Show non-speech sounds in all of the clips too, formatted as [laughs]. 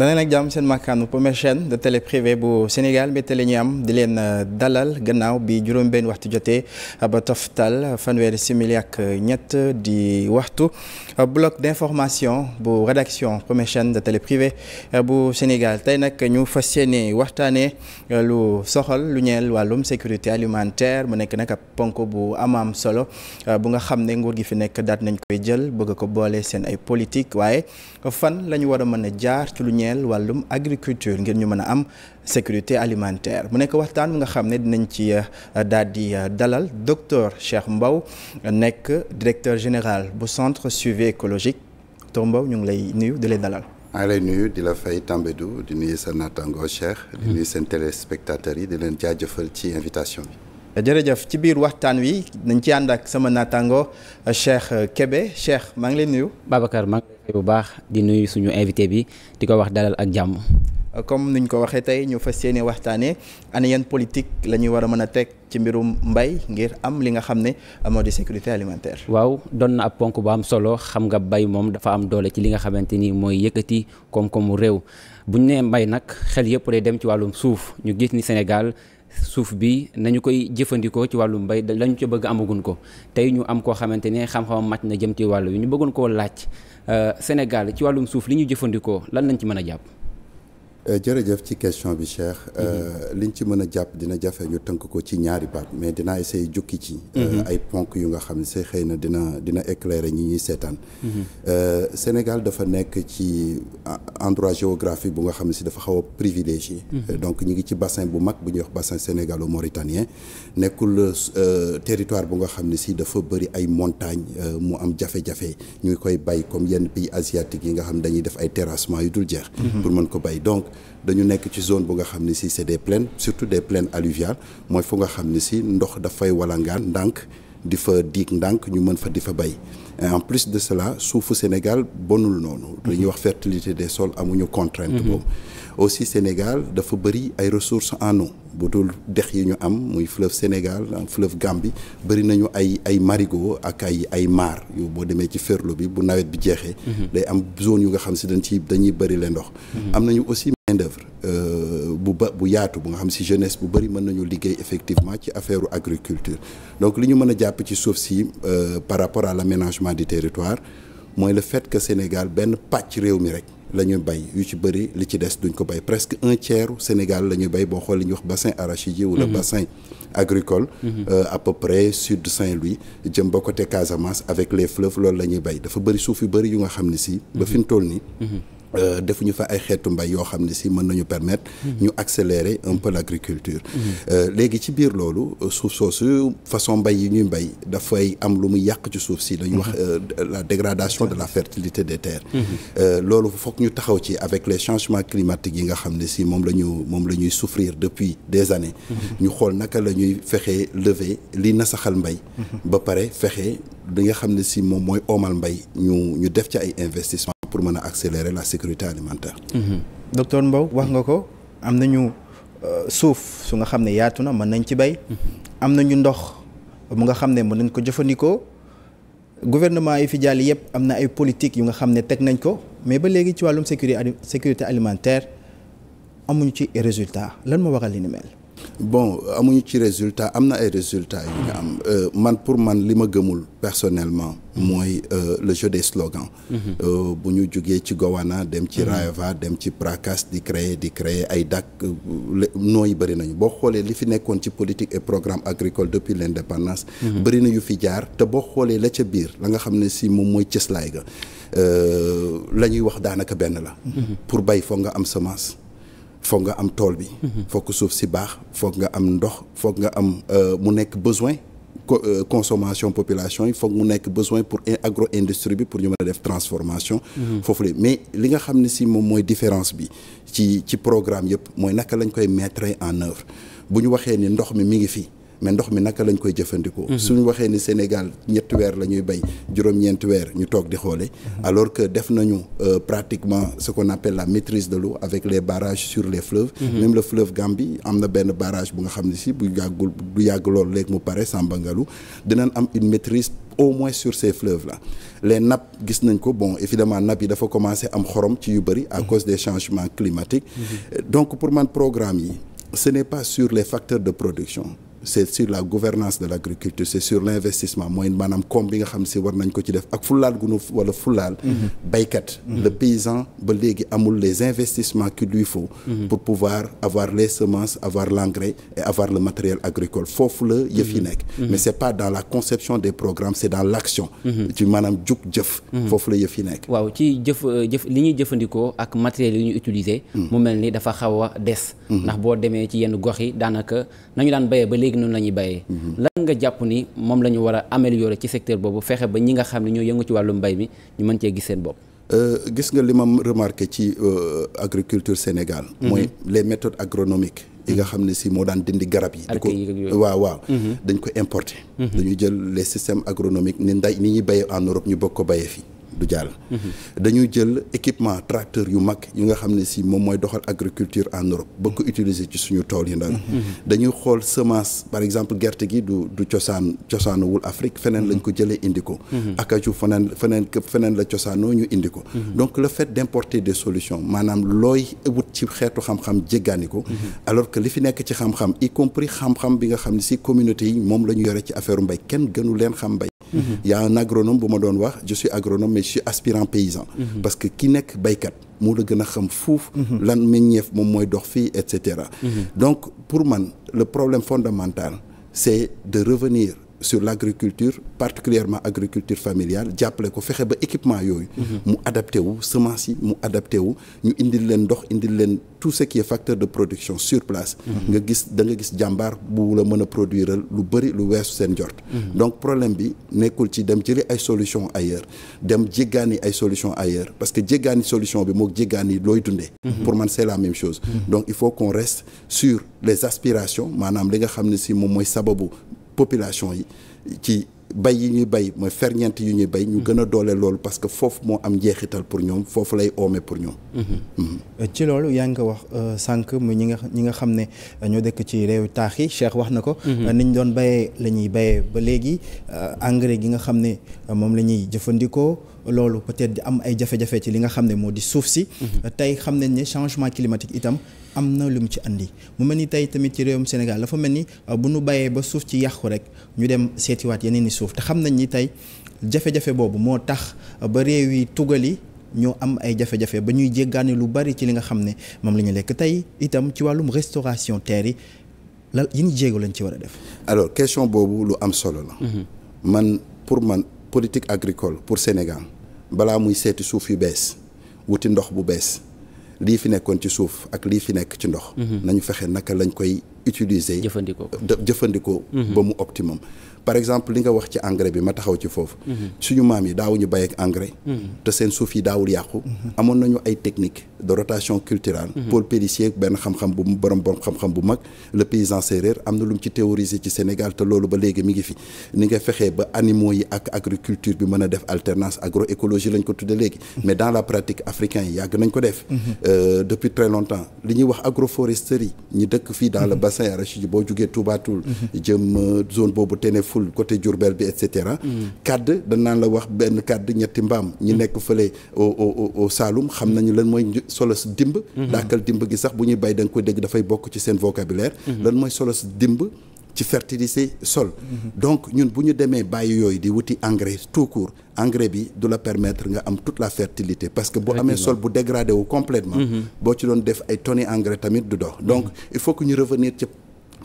danañ ak jàmm seen makkaanu première chaîne de télé privée bu Sénégal mbégte la ñuy am di leen euh, dalal gannaaw bi juróom-benn waxtu jotee euh, ba toftal euh, fanweeri simili ak ñett di waxtu bloc d'information bu rédaction première de télé privée bu Sénégal tey nag ñu fa yéene waxtaanee lu soxal lu ñeel wàllum sécurité alimentaire mu nekk nag ab ponk bu amaam solo bu nga xam ne nguur gi fi nekk daat nañ koy jël bëgg ko boole seen ay politique waaye fan la ñu mën ñeel wàllum agriculture ngir ñu mën a am sécurité alimentaire mu nekk waxtaan mu nga xam ne dinañ ci euh, daal di euh, dalal docteur Cheikh mbaw nekk directeur général bu centre suivi écologique docteur Mbow ñu ngi lay nuyu di lay dalal. maa lay nuyu di la fay Tambédou di nuyu sa naataango Cheikh. di hmm. nuyu seen téléspectateurs yi di leen jëfal ci invitation bi. jërëjëf ci biir waxtaan wi dinañ ci ànd ak sama naataango euh, Cheikh kebe Cheikh maa ngi lay nuyu. bu baax di nuyu suñu invité bi di ko wax dalal ak jàmm. comme niñ ko waxee tey ñu fa yéene waxtaanee ana yan politique la ñuy war a mën a teg ci mbirum mbay ngir am li nga xam ne moo di sécurité alimentaire. waaw doon na ab ponk bu am solo xam nga bay moom dafa am doole ci li nga xamante ni mooy yëkkati koom-koomu réew bu ñu nee mbay nag xel yëpp day dem ci wàllum suuf ñu gis ni Sénégal. suuf bi nañu koy jëfandikoo ci wàllu mbay lañu ca bëgg amagun ko tey ñu am koo xamante ne xam-xamam màcc na jëm ci wàllu wi ñu bëggoon ko laaj euh, Sénégal ci wàllum suuf li ñu jëfandikoo lan lañ ci mën a jàpp Euh, jërëjëf ci question bi Cheikh. Euh, mhm. liñ ci mën a jàpp dina jafe ñu tënk ko ci ñaari baat mais dina essayer jukki ci. Euh, mhm. ay ponk yu nga xam ne si xëy na dina dina éclairer ñi ñuy seetaan. Mhm. Sénégal dafa nekk ci endroit géographique bu nga xam si dafa xaw a privilégié. donc ñu ngi ci bassin bu mag bu ñuy wax bassin sénégalo-mauritanien nekkul territoire bu nga xam ne si dafa bëri ay montagnes mu am jafe-jafe ñu ngi koy bay comme yenn pays asiatiques yi nga xam dañuy def ay terrassement yu dul jeex. pour mën ko bay donc. dañu nekk ci zone bu nga xam ne si c'est des plaines surtout des plaines alluviales mooy fu nga xam ne si ndox dafay walangaan ndànk di fa diig ndànk ñu mën fa di fa bay en plus de cela suufu Sénégal bonul noonu li mhm. ñuy wax fertilité des sols amuñu contrainte mhm. boobu aussi Sénégal dafa bëri ay ressources en eau bu dul dex yi ñu am muy fleuve Sénégal fleuve Gambie bëri nañu ay ay marigots ak ay ay maar yow boo demee ci ferlo bi bu nawet bi jeexee mhm. day am zone yu nga xam si dañ ci dañuy bëri ndox main d'œuvre euh, bu yaatu bu nga xam si jeunesse bu bari mën nañu liggéey effectivement ci affaire agriculture donc li ñu mën a jàpp ci suuf si euh, par rapport à l'aménagement du territoire mooy le fait que Sénégal benn pàcc réew mi rek la ñuy bay yu ci bëri li ci des duñ ko bay presque un tiers Sénégal la ñuy bay boo xool li ñu wax bassin arachidier wala mhm. bassin agricole mhm. euh, à peu près sud Saint-Louis jëm ba côté Casamance avec les fleuves loolu la ñuy bay dafa bëri suuf yu bëri yu nga xam ne si ba mhm. nii Euh, defu ñu fa ay xeetu mbay yoo xam ne si mën nañu permettre mhm. ñu accélérer un peu l'agriculture mhm. euh, léegi ci biir loolu euh, suuf su façon mbay yi ñuy mbay dafay am lu muy yàq ci suuf si dañu wax mhm. la dégradation de la fertilité des terres loolu fokk ñu taxaw ci avec les changements climatiques yi nga xam ne si moom la ñu moom la ñuy souffrir depuis des années ñu xool naka la ñuy fexe lever li nasaxal mbay ba pare fexe li nga xam ne si moom mooy omal mbay ñu ñu def ci ay investissement pour mën a accélérer la sécurité alimentaire. Mhm. docteur Mbow wax nga ko am nañu euh, suuf su nga xam ne yaatu na mën nañ ci bay. Mhm. am nañu ndox mu nga xam ne mën nañ ko jëfandikoo gouvernement yi fi jàll yëpp am na ay politique yu nga xam ne teg nañ ko mais ba léegi ci wàllum sécurité sécurité alimentaire amuñu ci résultat lan moo waral li ni mel. bon amuñu ci résultat am na ay résultats yu ñu am euh, man pour man li ma gëmul personnellement mooy euh, le jeu de slogans mhm. euh, bu ñu jógee ci Gowana dem ci mhm. Rayava dem ci Prakkas di créer di créer ay dak nooyi bëri nañu boo xoolee li fi nekkoon ci politique et programme agricole depuis l'indépendance mhm. bëri na yu fi jaar te boo xoolee la ca biir la nga xam ne si moom mooy cëslaay ga la ñuy wax daanaka benn la pour bay foog nga am semence foog nga am tool bi mhm. foog suuf si baax foog nga am ndox foog nga am euh, mu nekk besoin euh, consommation population yi foog mu nekk besoin pour agro industrie bi pour ñu mën a def transformation mhm. foofu la mais li nga xam ne si moom mooy différence bi ci ci programme yëpp mooy naka lañ koy mettre en œuvre bu ñu waxee ni ndox mi mi ngi fii mais ndox mi naka lañ koy jëfandikoo. Mhm. suñ waxee ni Sénégal ñetti weer la ñuy béy juróom-ñeenti weer ñu toog di xoole. Mhm. alors que def nañu euh, pratiquement ce qu'on appelle la maîtrise de l'eau avec les barage sur les fleuves. Mm -hmm. même le fleuve Gambie am na benn barrage bu nga xam ne si bu bu yàgg lool léegi mu pare Sambangalu dinañ am une maîtrise. au moins sur ces fleuves là les nap gis nañ ko bon évidemment nap yi dafa commencer am xorom ci yu bëri à mhm. cause des changements climatiques mmh. pour man programme yi ce n'est pas sur les facteurs de production c'est sur la gouvernance de l'agriculture c'est sur l'investissement mooy maanaam koom bi nga xam si war nañ ko ci def ak fulaal gunu wala fulaal mhm. baykat mhm. le paysan ba léegi amul les investissement qu'il lui faut mhm. pour pouvoir avoir les semence avoir l'engrais et avoir le matériel agricole foofu la yëf yi nekk mais c'est pas dans la conception des programmes c'est dans l'action ci maanaam jug jëf foofu la yëf yi nekk waaw ci jëf jëf li ñuy jëfandikoo ak matériel yi ñuy utiliser hmm. mu mel dafa xaw des ndax boo demee ci yenn gox yi daanaka nañu daan bayee ba léegi noonu la ñuy béyee lan nga jàpp ni moom la ñu war a améliorer ci secteur boobu fexe ba ñi nga xam ne ñoo yëngu ci wàllu mbay mi ñu mën cee gis seen bopp euh, gis nga li ma remarqué ci euh, agriculture Sénégal mhm. mooy les méthodes agronomique yi nga xam ne si moo daan dindi garab yi di waaw waaw mhm. dañ ko importer mhm. dañu jël le systèmes agronomiques ni nday ni ñuy béye en Europe ñu bokk ko bayee fii du jàll. dañuy jël équipement tracteur yu mag yi nga xam ne si moom mooy doxal agriculture en Europe ba ko utiliser ci suñu tool yi ndax. dañuy xool semence par exemple gerte gi du du cosaan cosaanuwul Afrique feneen lañ ko jëlee indi ko. akaju feneen la cosaanoo ñu indi ko. donc le fait d'importer des solutions maanaam looy wut ci xeetu xam-xam jéggaani alors que li fi nekk ci xam-xam y compris xam-xam bi nga xam ne si communauté yi moom la yore ci y a agronome bu ma doon wax je suis agronome mais je aspirant paysan mhm. parce que ki nekk baykat moo la gën a xam fuuf mhm. lan meññeef moom mooy dox fii et cetera mhm. donc pour man le problème fondamental c'est de revenir sur l' agriculture particulièrement agriculture familiale jàppale ko fexe ba équipement yooyu mhm. mu adapté wu semence yi mu adapté wu ñu indil leen ndox indil leen tout ce qui facteur de production sur place mhm. nga gis da nga gis jàmbaar bu la mën a lu bëri lu weesu seen njort mhm. donc problème bi nekkul ci dem jëli ay solution ailleurs dem jéggaani ay solution ailleurs parce que jéggaani solution bi moo jéggaani looy dundee pour man c' est la même chose donc il maanaam li nga xam ne si moom mooy sababu population yi ci bay yi ñuy bay mooy ferñeent yu ñuy bay ñu gën a doole loolu parce que foofu moo am njeexital pour ñoom foofu lay oome pour ñoom mhm. ci loolu yaa ngi ko wax euh, sànq mu ñi nga ñi nga xam ne ñoo dëkk ci réew taax yi wax na ko mhm. ni ñu doon bayee la ñuy bayee ba léegi euh, engrais gi nga xam ne moom la ñuy jëfandikoo loolu peut-être di am ay jafe-jafe ci li nga xam ne moo di suuf si mhm. tey xam nañ ne changement climatique itam am na lu mu ci indi mu mel ni tey tamit ci réewum Sénégal dafa mel ni euh, bu nu bàyyee ba suuf ci yàqu rek ñu dem seetiwaat yeneen i suuf te xam nañ ni tey jafe-jafe boobu moo tax euh, ba réew yi tugali ñoo am ay jafe-jafe ba ñuy jéggaani lu bari ci li nga xam ne moom la ñu lekk tey itam ci wàllum restauration teer yi lan yi ñu jéego lañ ci war a def. alors question boobu lu am solo la. Mhm. pour man politique agricole pour Sénégal. balaa muy seeti suuf yu bees wuti ndox bu bees lii fi nekkoon ci suuf ak lii fi nekk ci ndox mhm. nañu fexe naka lañ koy utiliser. jëfandikoo jëfandikoo. Mhm. ba mu optimum. par exemple li nga wax ci engrais bi ma taxaw ci foofu. Mhm. suñu maam yi daawuñu bay ak engrais. Mhm. te seen suuf yi daawul yàqu. amoon nañu ay technique de rotation culturelle. Paul Pélissier benn xam-xam bu mag le paysan séeréer am na lu ci théoriser ci Sénégal te loolu ba léegi mi ngi fi ni nga fexee ba animaux yi ak agriculture bi mën a def alternance agroécologie lañ ko tudde léegi. mais dans la pratique africain yi yàgg nañ ko def. Euh, depuis très longtemps li bassin arachidier boo jugee Touba jëm euh, zone boobu Ténéfoul côté Diourbel bi et cetera kadd danaan la wax benn kadd ñetti mbaam ñi nekk fële au xam nañu lan mooy solos dimb mhm. daakal dimb gi sax bu ñuy bay da nga koy dégg dafay bokk ci seen vocabulaire mhm. lan mooy solos dimb ci fertiliser sol. donc ñun bu ñu demee bàyyi yooyu di wuti engrais tout court engrais bi du la permettre nga am tout la fertilité parce que boo amee sol bu dégradé wu complètement mhm. boo ci doon def ay tonnes engrais tamit du dox donc mhm. il faut que ñu revenir ci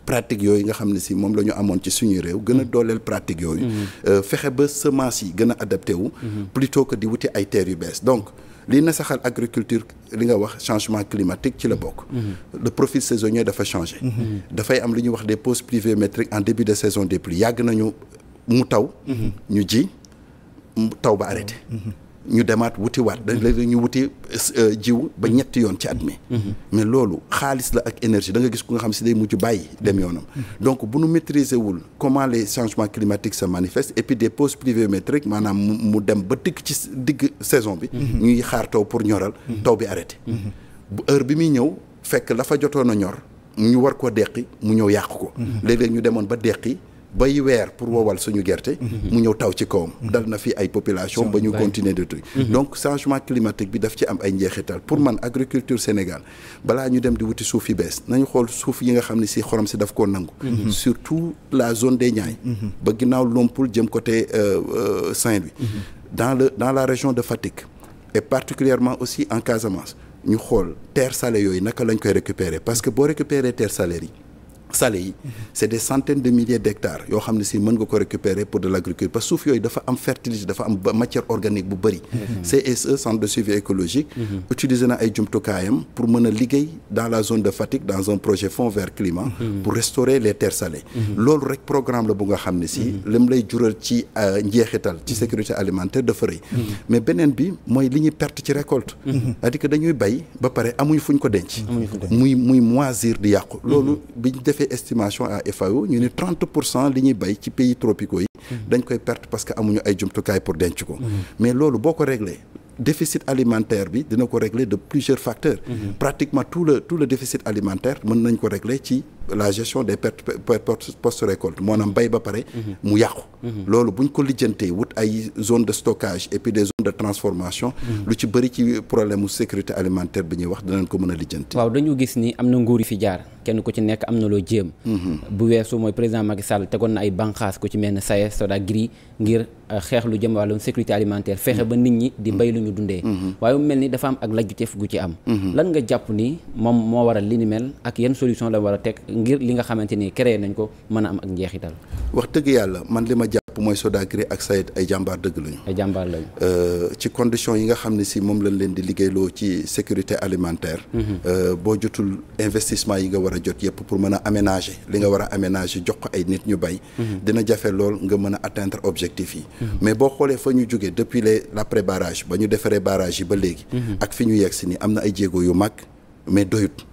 pratique yooyu nga xam ne si moom la ñu amoon ci suñu réew gën a mhm. dooleel pratique yooyu euh, fexe ba semence yi gën a adapté wu plutôt di wuti ay terres yu bees donc li na saxal agriculture li nga wax changement climatique ci la bokk. Mhm. le profil saisonnier dafa changer. Mhm. dafay am lu ñuy wax des pauses pluviométriques en début de saison des pluies yàgg nañu mu taw. Mhm. ñu ji taw ba arrêté. ñu demaat wutiwaat dañ la ñu wuti euh, jiw ba ñetti yoon ci at mi mm-hmm. mais loolu xaalis la ak énergie da nga gis ku nga xam si day mujj bàyyi dem mm-hmm. yoonam donc bu nu maîtriser wul comment les changements climatiques se manifestent et puis des pauses pluviométriques maanaam mu dem ba digg ci digg saison bi mm-hmm. ñuy xaar taw pour ñoral taw bi arrêté bu heure bi muy ñëw fekk la fa jotoon a ñor ñu war ko deqi mu ñëw yàq ko léeg-léeg ñu demoon ba deqi bay weer pour mm-hmm. wowal suñu gerte. Mm-hmm. mu ñëw taw ci kawam. Mm-hmm. dal na fi ay population ba ñu continuer de truc. donc changement climatique bi daf ci am ay njeexital pour man agriculture Sénégal balaa ñu dem di wuti suuf yi bees nañu xool suuf yi nga xam ne si xorom si daf koo nangu. surtout la zone des Niayes. ba ginnaaw Lompoul jëm côté euh, euh, Saint-Louis. dans le dans la région de Fatick. et particulièrement aussi en Casamance ñu xool terre salée yooyu naka lañ koy récupérer parce que boo récupérer terre salaire yi. salé yi c'est des centaines de milliers d'hectares yoo xam ne si mën nga ko récupérer pour de l'agriculture parce que suuf yooyu dafa am fertilité dafa am matière organique bu bëri mhm. CSE centre de suivi écologique mhm. utiliser na ay jumtukaayam pour mën a liggéey dans la zone de Fatick dans un projet fonds vert climat mhm. pour restaurer les terres salées loolu rek programme la bu nga xam ne si lim lay jural ci euh, njeexital ci sécurité alimentaire dafa defee estimation à FAO ñu ne 30 pour cent li ñuy bay ci pays tropicaux yi. Mhm. dañ koy perte parce que amuñu ay jumtukaay pour denc ko. Mhm. mais loolu boo ko réglé. déficit alimentaire bi dina ko régler de plusieurs facteurs mhm. pratiquement tout le tout le déficit alimentaire mën nañ ko régler ci la gestion des pertes post récolte maanaam bay ba pare mu yàqu loolu buñ ko lijjantee wut ay zone de stockage et puis des zones de transformation lu ci bëri ci problème sécurité alimentaire bi ñuy wax dinañ a lijjanti waaw dañu gis ni kenn ku ci nekk am na loo jéem mhm. bu weesu mooy président Macky Sall tegoon na ay banqaas ku ci mel ne SAES SODAGRI ngir euh, xeex lu jëm fexe ba nit ñi di mhm. bay lu ñu dundee mhm. waaye mu mel ni dafa am ak lajjuteef gu ci am lan nga jàpp ni moom moo waral li ni mel ak yan solution la war teg ngir li nga xamante ni créé nañ ko mën a am ak njeexital wax dëgg yàlla man li ma jàpp mooy Sodagré ak Saïd ay jàmbaar dëgg lañu. ay jàmbaar lañu. Euh, ci condition yi nga xam ne si moom lañ leen di liggéeyloo ci sécurité alimentaire. Mhm. Euh, boo jotul investissement yi nga war a jot yëpp pour mën a aménager li nga war a aménager jox ko ay nit ñu bay. Mhm. dina jafe lool nga mën a atteindre objectif yi. Mhm. mais boo xoolee fa ñu jógee depuis les l'après barrage ba ñu defaree barrage yi ba léegi. ak fi ñu yegg si nii am na ay jéego yu mag mais doyut.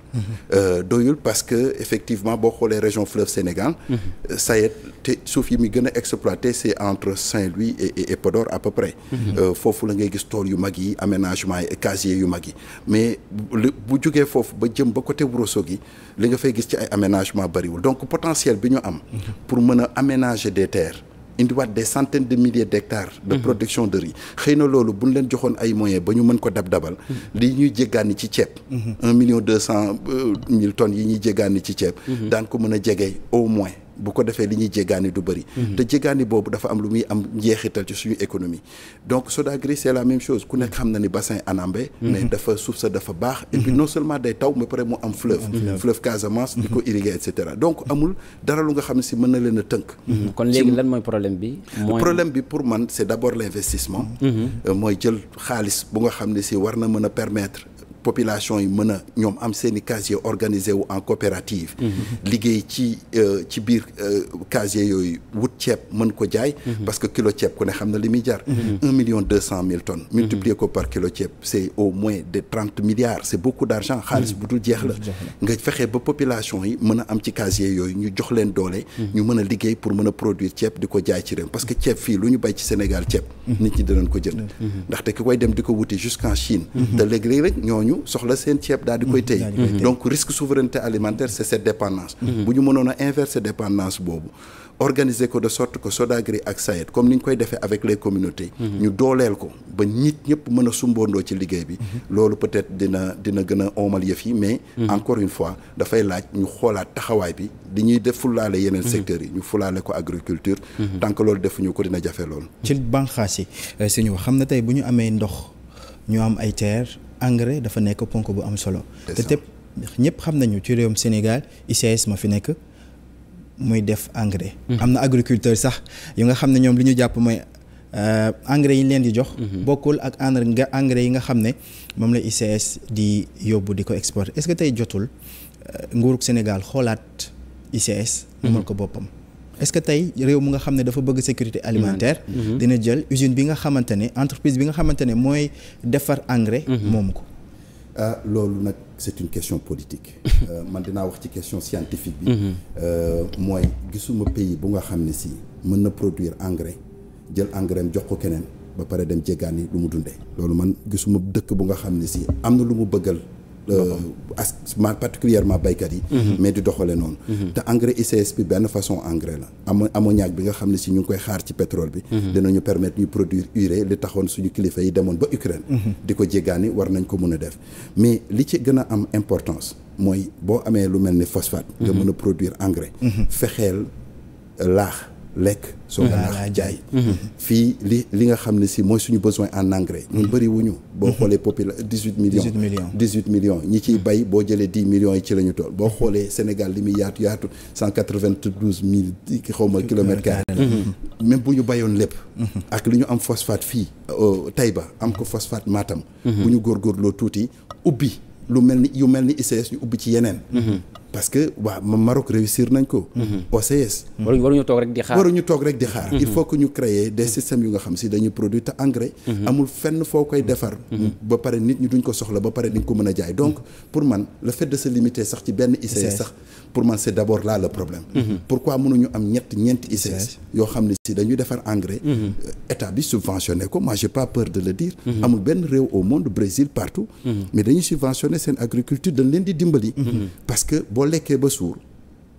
Euh, doyul parce que effectivement boo xoolee région fleuve Sénégal mhm. Sayet te suuf yi muy gën a exploité c' entre Saint-Louis et Podor à peu près mhm. euh, foofu la ngay gis tool yu mag yi aménagement yi yu mag yi mais bu jugee foofu ba jëm ba côté Ourossogui yi li nga fay gis ci ay aménagement bariwul donc potentiel bi ñu am mhm. pour mën a aménager des terres indiwaat des centaines de milliers d' hectares de mhm. production de riz xëy na loolu buñ leen joxoon ay moyens ba ñu mën ko dab dabal mhm. lii ñuy jéggaani ci ceeb mhm. un million deux cent euh, mille tonnes yi ñuy jéggaani ci ceeb daan ko mën a jege au moins bu ko defee li ñuy jéggaani du bëri mhm. te jéggaani boobu dafa am lu muy am njeexital ci suñu économie donc Sodagri c'est la même chose ku nekk xam na ni bassin Anambé mhm. mais dafa suuf sa dafa baax et puis mhm. non seulement day taw mais pare mu am fleuve fleuve Casamance di ko irriguer et cetera donc amul dara lu nga xam ne si mën na leen a tënk kon léegi lan mooy problème bi bi pour man c'est d'abord l'investissement euh, mooy jël xaalis bu nga xam ne si war na mën a permettre population yi mën a ñoom am seen i casier organisé wu en coopérative. Mhm. liggéey ci euh, biir euh, casier yooyu wut ceeb mën ko jaay. Mhm. parce que kilo ceeb ku ne xam na li muy jar. Mhm. un million deux cent mille tonnes. multiplié ko par kilo ceeb c' est au moins de trente milliards c' beaucoup d' xaalis bu dul jeex la. nga fexe ba population yi mën a am ci casier yooyu ñu jox leen doole. ñu mën a liggéey pour mën a produire ceeb di ko jaay ci réew parce que ceeb fii lu ñu bay ci Sénégal ceeb. nit ñi dinañ ko ñooñu soxla seen ceeb daal di koy mhm, tey donc risque souveraineté alimentaire c'est cette dépendance mhm. bu ñu mënoon a inverser dépendance boobu organiser ko de sorte que Sodagri ak SAED comme ni ñu koy defee avec les communautés mhm. ñu dooleel ko ba nit ñëpp mën a sumboondoo ci liggéey bi loolu peut dina dina gën yëf yi mais encore une fois dafay laaj ñu xoolaat taxawaay bi di ñuy def fulaale yeneen secteurs yi ñu fulaale ko agriculture tant loolu defuñu ko dina engrais dafa nekk ponk bu am solo. te tëpp ñëpp xam nañu ci réewum Sénégal ICS ma fi nekk muy def engrais. Mm-hmm. am na agriculteur sax yu nga xam ne ñoom li ñu jàpp mooy euh, engrais yi leen di jox. Mm-hmm. bokkul ak engrais yi nga xam ne moom la ICS di yóbbu di ko exporte est-ce que tey jotul euh, nguurug Sénégal xoolaat ICS. moomal mm-hmm. ko boppam. est-ce que tey réew mu nga xam ne dafa bëgg sécurité alimentaire mm-hmm. Mm-hmm. dina jël usine bi nga xamante ne entreprise bi nga xamante ne mooy defar engrais mm-hmm. moom ko ah loolu nag c'est une question politique [laughs] euh, man dinaa wax ci question scientifique bi euh, mooy gisuma pays bu nga xam ne si mën na produire engrais jël engrais jox ko keneen ba pare dem jéggaani lu mu dundee loolu man gisuma dëkk bu nga xam ne si am na lu mu bëggal as ma particulièrement baykat yi mhm. mais di doxale noonu mhm. te engrais ICS bi benn façon engrais la am ammoniac bi nga xam ne si ñu ngi koy xaar ci pétrole bi mhm. dinañu permettre ñu produire urée li taxoon suñu kilifa yi demoon ba Ukraine di ko jéggaani war nañ ko mën a def mais li ci gën a am importance mooy boo amee lu mel ni phosphate nga mën a produire engrais fexeel laax lekk soo ko naax jaay mhm. fii li li nga xam ne si mooy suñu besoin en engrais ñun mhm. bëri boo mhm. xoolee popula dix huit millions dix huit millions ñi ciy bay boo jëlee dix millions yi ci la ñu tool boo xoolee Sénégal li muy yaatu yaatu cent quatre vingt douze mille xaw ma kilomètres bu ñu bayoon lépp ak li ñu am phosphate fii euh, Taïba am ko phosphate Matam bu ñu góorgóorloo tuuti ubbi lu mel ni yu mel ni ICS ñu ubbi ci yeneen parce que waa Maroc réussir nañ ko. Mhm. OCS. Mhm. waruñu toog rek di xaar waruñu toog rek di xaar. Mhm. il faut que ñu créer des systèmes yu nga xam si dañuy produire te engrais. amul fenn foo koy defar. ba pare nit ñi duñ ko soxla ba pare di ko mën a jaay donc pour man le fait de se sax ci benn ICS sax pour man c' est d' abord là le problème. pourquoi mënuñu am ñett ñeenti ICS. yoo xam ne si dañuy defar engrais. Euh, état bi subventionné ko moi pas peur de le dire. boo lekkee e ba suur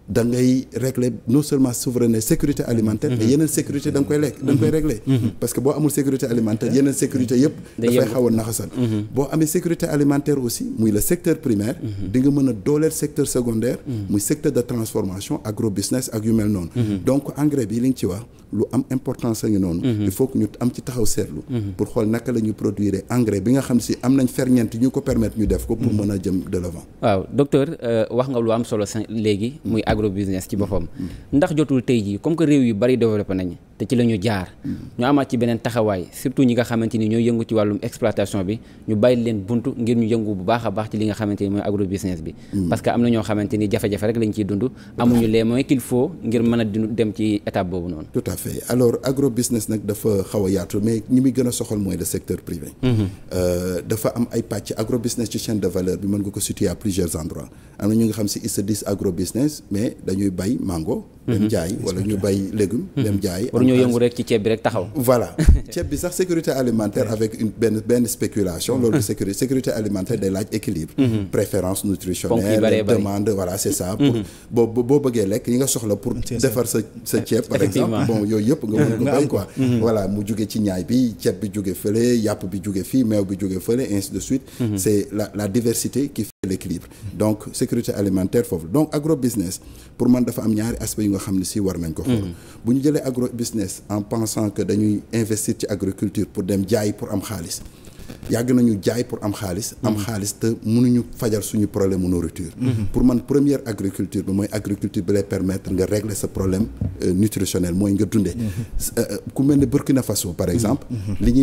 da régler non seulement souveraineté sécurité alimentaire mhm. yeneen sécurité da koy lekk da koy régler mhm. Mhm. parce que boo amul sécurité alimentaire yeneen sécurité yëpp dafay xaw naxasal boo amee sécurité alimentaire aussi muy le secteur primaire di mën a dooleel secteur secondaire muy secteur de transformation agro business ak yu noonu donc engrais bi li ci wax lu am importance a noonu il faut que ñu am ci taxaw seetlu pour xool agro business ci boppam. ndax jotul tey jii comme que réew yu bari développé nañu te ci la ñu jaar ñu amaat ci beneen taxawaay surtout ñi nga xamante ni yëngu ci wàllum exploitation bi ñu bàyyi leen buntu ngir ñu yëngu bu baax a baax ci li nga xamante mooy agro business bi mm. parce que am na ñoo xamante jafe-jafe rek lañ ciy dund amuñu les moyens qu'il ngir mën a dem ci étape boobu noonu tout à fait alors agro business nag dafa xaw a yaatu mais ñi muy gën a soxal mooy le secteur privé mm-hmm. euh, dafa am ay pàcc agro business ci ñoo yëngu rek ci ceeb bi rek taxaw. voilà [laughs] ceeb bi sax sécurité alimentaire avec une benn benn spéculation. Mm-hmm. loolu sécurité alimentaire day laaj équilibre. Mm-hmm. préférence nutritionnelle demande voilà c'est ça. pour mm-hmm. boo boo bëggee lekk yi nga soxla pour. defar sa sa ceeb par exemple bon yooyu yëpp nga mën ko [laughs] béy quoi. voilà mu jóge ci ñaay bi ceeb bi jóge fële yàpp bi jóge fii meew bi jóge fële ainsi de suite. c'est la diversité qui l'équilibre donc sécurité alimentaire foofu donc agro business pour man dafa am ñaari aspect yu nga xam ne si war nañ ko xool mm-hmm. bu ñu jëlee agro business en pensant que dañuy investir ci agriculture pour dem jaay pour am xaalis yàgg nañu jaay pour am xaalis am mm-hmm. xaalis te mënuñu fajal suñu problème mu nourriture mm-hmm. pour man première agriculture bi mooy agriculture bi lay permettre nga régler sa problème euh, nutritionnel mooy nga dundee euh, euh, ku mel ne Burkina Faso par exemple li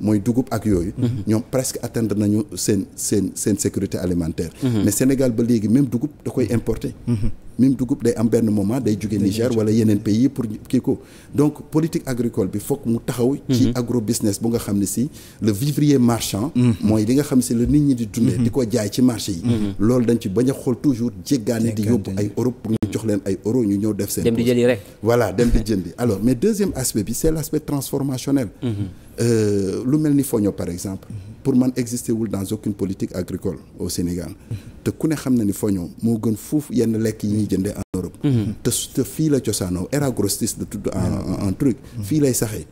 mooy dugub ak yooyu. Mhm. ñoom presque atteindre nañu seen seen seen sécurité alimentaire. Mhm. mais Sénégal ba léegi même dugub da koy importer. Mhm. même dugub day am benn moment day jóge Niger wala yeneen pays pour kii ko donc politique agricole bi foog mu taxaw. ci agro business bu nga xam ne si le vivrier marchand. mooy li nga xam si la nit ñi di dundee. di ko jaay ci marché yi. loolu dañ ci bañ a xool toujours jéggaane di yóbbu ay Europe leen ay ñu ñëw def seen. dem di jëndi rek. voilà dem di jëndi alors mais deuxième aspect bi c'est l'aspect transformationnel. Euh, lu mel ni Fogno par exemple pour man exister wul dans aucune politique agricole au Sénégal te ku ne xam na ni foño moo gën foofu yenn lekk yi ñuy jëndee en Europe te fii la cosaanoo era grostis de tudd en truc fii lay saxee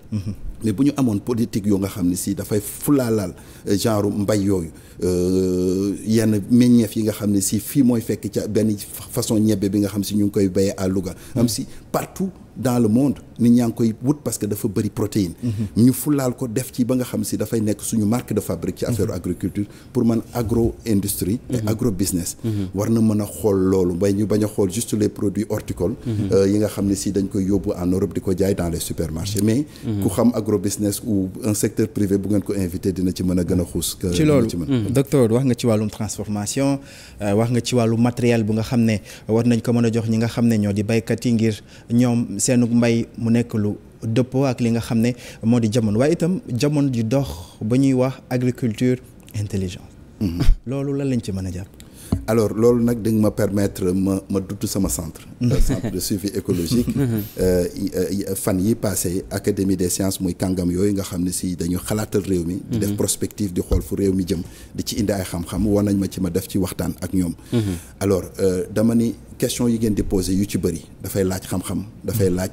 mais bu ñu amoon politique yoo nga xam ne si dafay fulaalaal euh, genre mbay yooyu euh, yenn meññeef yi nga xam ne si fii mooy fekk ca benn façon ñebbe bi nga xam si ñu ngi koy béyee à Louga am si partout dans le monde nit ñaa ngi koy wut parce que dafa bëri protéine mm-hmm. ñu fulaal ko def ci ba nga xam si dafay nekk suñu marque de fabrique fabrique ci affaire agriculture pour man agro industrie mhm. agro business mhm. war na mën a xool loolu mbay ñu bañ a xool juste les produits horticoles mhm. euh, yi nga xam ne si dañ koy yóbbu en Europe di ko jaay dans les supermarchés mais ku xam agro business ou un secteur privé bu ngeen ko invité dina ci mën a gën a xuus ci loolu docteur wax nga ci wàllum transformation euh, wax nga ci wàllu matériel bu nga xam ne war nañ ko mën a jox ñi nga xam ne ñoo di baykat yi ngir ñoom seenu mbay dëppoo ak li nga xam ne moo di jamono waaye itam jamono ji dox ba ñuy wax agriculture intelligente. Mm-hmm. loolu lan lañ ci mën a jàpp. alors loolu nag da ma permettre ma ma dudd sama centre [laughs] euh, centre de suivi écologique [laughs] mhm. euh, euh, fan yi passé académie des sciences muy kàngam yooyu nga xam ne si dañu xalaatal réew mi di def mhm. prospective di xool fu réew mi jëm di ci indi ay xam-xam war nañ ma ci ma def ci waxtaan ak ñoom mhm. alors dama ni question yi ngeen di posé yu ci bëri dafay laaj xam-xam dafay laaj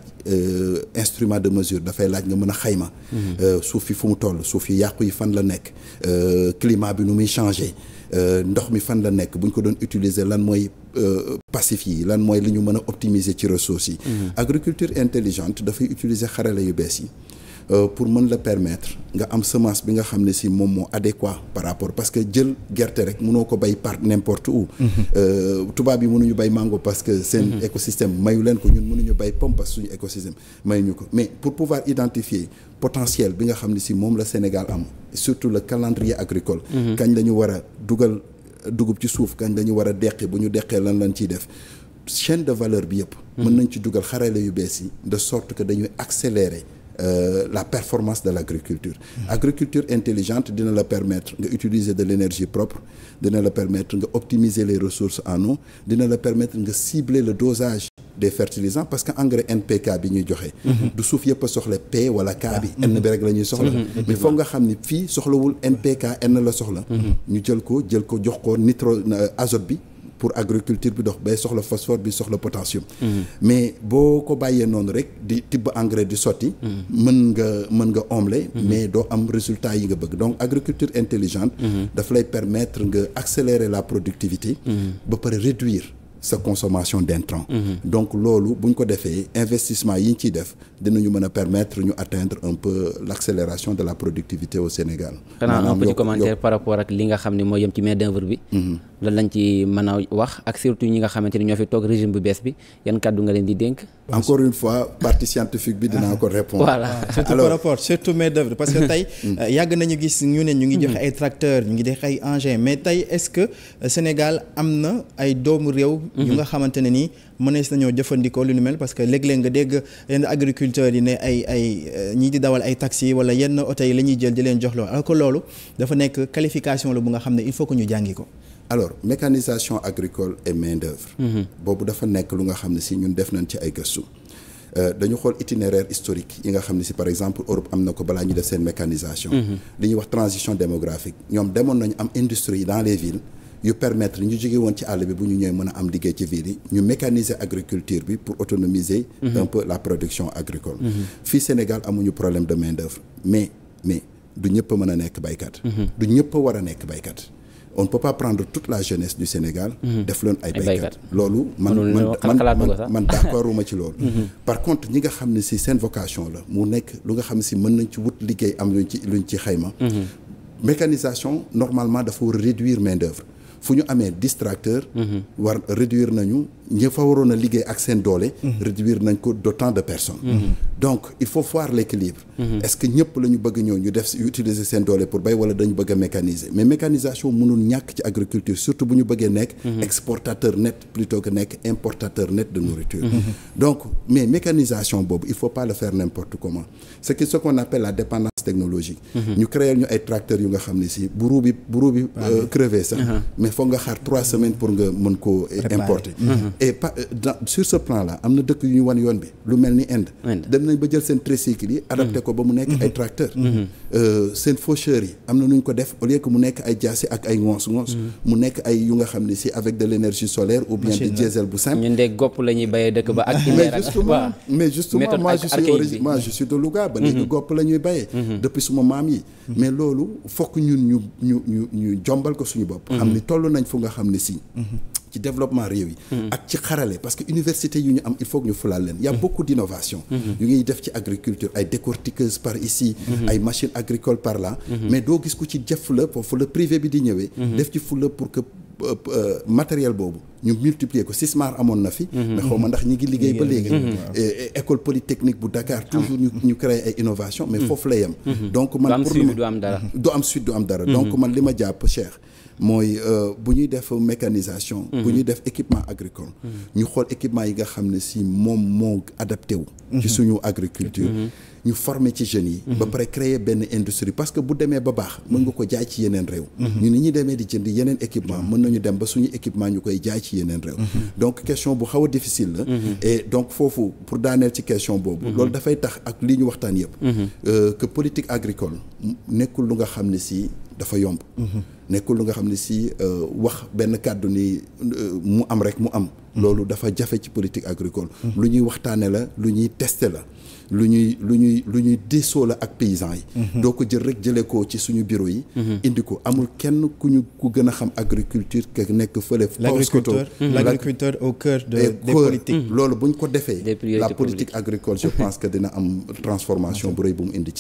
instrument de mesure dafay laaj nga mën a xayma suuf yi fu mu toll suuf yi yàqu yi fan la nekk climat bi nu muy changé Euh, ndox mi fan la nekk bu ñu ko doon utiliser lan mooy euh, passif yi lan mooy li ñu mën a optimiser ci ressources yi mhm. agriculture intelligente dafay utiliser xarala yu bees yi Euh, pour mën la permettre nga am semence bi nga xam ne si moom moo adéquat par rapport parce que jël gerte rek mënoo ko bay par n'importe où mhm. euh, tubaab yi mënuñu bay mango parce que seen mhm. écosystème mayu leen ko ñun mënuñu bay pomme parce que suñu écosystème mayuñu ko mais pour pouvoir identifier potentiel bi nga xam ne si moom la Sénégal am surtout le calendrier agricole mhm. kañ la ñu war a dugal dugub ci suuf kañ la ñu war a deqi bu ñu deqee lan lañ ciy def chaîne de valeur bi yëpp mën nañ ci dugal xarale yu bees yi de sorte que dañuy accélérer euh, la performance de l'agriculture mm-hmm. agriculture intelligente dina la permettre nga utiliser de l'énergie propre dina la permettre nga optimiser les ressources en eau dina la permettre nga cibler la dosage des fertilisants parce que engrais NPK bi ñuy joxe. Mm-hmm. du suuf yëpp soxla P wala K bi. Mm-hmm. bi rek la ñuy soxla. mais foog nga xam ni fii soxlawul NPK N la soxla. ñu jël ko jël ko jox ko nitro euh, azot bi. pour agriculture bi dox bay soxla phosphore bi soxla potassium. Mhm. mais boo ko bàyyee noonu rek di tibb engrais di sotti. Mhm. mën nga mën nga omble. Mhm. mais doo am résultat yi nga bëgg donc agriculture intelligente. daf lay permettre nga accélérer la productivité. ba pare réduire. sa consommation d'intrants donc loolu bu ñu ko defee investissement yi ñu ciy def dinañu mën a permettre ñu atteindre un peu l'accélération de la productivité au Sénégal xanaa un petit commentaire par rapport ak li nga xam ni moo yëm ci main d'œuvre bi mhm. lan lañ ci mën a wax ak surtout ñi nga xamante ni ñoo fi toog régime bu bees bi yan kàddu nga leen di dénk encore une fois partie scientifique bi dinaa ko [laughs] répondre voilà ah, surtout par rapport surtout main d'œuvre parce que tey [laughs] mm. euh, yàgg nañu gis ñu ngi joxe mm-hmm. ay tracteurs ñu ngi def ay engins mais tey est-ce que euh, Sénégal am na ay doomu réew yu mhm. nga xamante ne nii mënees nañoo jëfandikoo lu nu mel parce que léeg-léeg nga dégg yenn agriculteurs yi ne ay ay euh, ñii di dawal ay taxi wala yenn oto yi la ñuy jël di leen jox loolu alors que loolu dafa nekk qualification la bu nga xam ne il faut que ñu jàngi ko alors mécanisation agricole et main d'œuvre mhm. boobu dafa nekk lu nga xam ne si ñun def nañ ci ay gëstu euh, dañu xool itinéraire historique yi nga xam ne si par exemple Europe am na ko balaa ñu def seen mécanisation mhm. li ñuy wax transition démographique ñoom demoon nañu am industrie dans les villes yu permettre ñu jóge woon ci àll bi bu ñu ñëwee mën a am liggéey ci ville yi ñu mécaniser agriculture bi pour autonomiser mhm. un peu la production agricole mhm. fii Sénégal amuñu problème de main d'œuvre mais mais du ñëpp a mën a nekk baykat mhm. du ñëpp a war a nekk baykat on ne pas prendre toute la jeunesse du Sénégal. def leen ay béykat loolu. man man ci loolu. [laughs] par contre ñi nga xam ne si seen vocation la mu nekk lu nga xam ne si mën nañ ci wut liggéey am fu ñu amee distracteur mhm. war réduire nañu ñi fa waroon a liggéey ak seen doole. Mhm. réduire nañ ko d'autant de personnes. Mhm. donc il faut voir l'équilibre. Mhm. est-ce que ñëpp la bëgg ñëw ñu def utiliser seen doole pour béy wala dañu bëgg a mécaniser mais mécanisation mënul ñàkk ci agriculture surtout bu ñu bëggee nekk. exportateur net plutôt que nekk importateur net de nourriture. donc mais mécanisation boobu il faut pas le faire n'importe comment ce qui ce qu'on appelle la dépendance technologique. et pa euh, sur ce plan là am na dëkk yu ñu wan yoon bi lu mel ni Inde dem nañ ba jël seen tricycle yi adapté mm-hmm. ko ba mu nekk ay mm-hmm. tracteur mm-hmm. euh, seen faucheurs yi am na nu ñu ko def au lieu que mu nekk ay jaasi ak ay ngoos ngoos mu nekk ay yu nga xam ne si avec de l' énergie solaire ou bien du diesel bu simple ñun de gopp la ñuy béyee dëkk ba ak mais justement mais justement moi je suis origine moi je suis de Louga ba léegi la ñuy béyee depuis suma maam yi mais loolu fokk ñun ñu ñu ñu ñu jombal ko suñu bopp xam ni toll nañ fu nga xam ne si ci développement réew yi hmm. ak ci xarale parce que université yu ñu am il faut que ñu fulaal leen y a hmm. beaucoup d'innovation hmm. yu ngiy def ci agriculture ay décortiqueuse par ici ay machine agricole par là mais doo gis ku ci def fula foofu la privé bi di ñëwee def ci fula pour que euh, euh, matériel boobu ñu multiplier ko Sismar amoon na fi mais xaw ma ndax ñi ngi liggéey ba léegi école polytechnique bu Dakar toujours ñu ñu créer ay innovation mais foofu la yem donc man pour mooy euh, bu ñuy def mécanisation. Mm-hmm. bu ñuy def équipement agricole. Mm-hmm. ñu xool équipement yi nga xam ne si moom moo adapté wu. ci mm-hmm. suñu agriculture. ñu former ci jeunes yi. ba pare créer benn industrie parce que bu demee ba baax mën nga ko jaay ci yeneen réew. ñu ni ñuy demee di jënd yeneen équipement mën nañu dem ba suñu équipement ñu koy jaay ci yeneen réew. donc question bu xaw a difficile la. et donc foofu pour daaneel ci question boobu. loolu dafay tax ak lii ñu waxtaan yëpp. Euh, politique agricole nekkul lu nga xam ne si dafa yomb. nekkul lu nga xam ne si euh, wax benn kàddu ni euh, mu am rek mu am. Mm-hmm. loolu dafa jafe ci politique agricole. Mm-hmm. lu ñuy waxtaane la lu ñuy teste la. lu ñuy lu ñuy lu ñuy diisoo la ak paysans yi. Mhm. doo ko jël rek jëlee ko ci suñu bureau yi. Mhm. indi ko amul kenn ku ñu ku gën a xam agriculture que nekk fële. la l'agriculteur au cœur de des mhm. loolu bu ñu ko defee. la politique agricole je pense que dina am [laughs] transformation bu rëy bu mu indi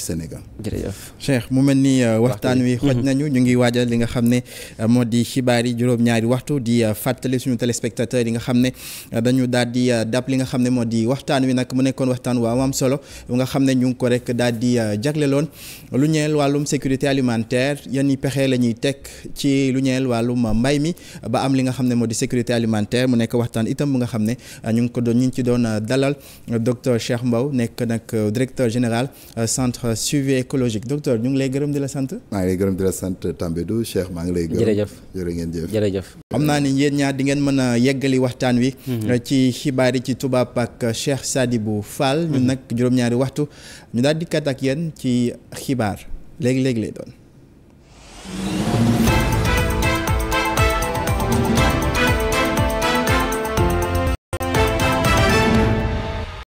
mel ni euh, waxtaan wi xoj nañu ñu ngi waajal li nga xam ne euh, moo di xibaar yi juróom-ñaari waxtu di euh, fàttali suñu téléspectateurs yi nga xam ne dañu daal di dàpp li nga xam ne moo di waxtaan wi nag mu nekkoon waxtaan waa solo solo bu nga xam ne ñu ngi ko rek daal di euh, jagleloon lu ñeel wàllum sécurité alimentaire yan i pexe la ñuy teg ci lu ñeel wàllum mbay mi ba am li nga xam ne moo di sécurité alimentaire mu nekk waxtaan itam bu nga xam ne euh, ñu ngi ko doon ñu ngi ci doon euh, dalal docteur Cheikh Mbow nekk nag directeur général centre suivi écologique docteur ñu ngi lay gërëm di la sant. maa ngi lay gërëm di la sant Tambédou Cheikh maa ngi lay gërëm jërëjëf jërë ngeen jëf jërëjëf. naa ni ñaar di ngeen mën a yeggali waxtaan wi. Mm-hmm. ci juróom-ñaari waxtu ñu daal dikkaat ak yéen ci xibaar léegi léeg lay doon.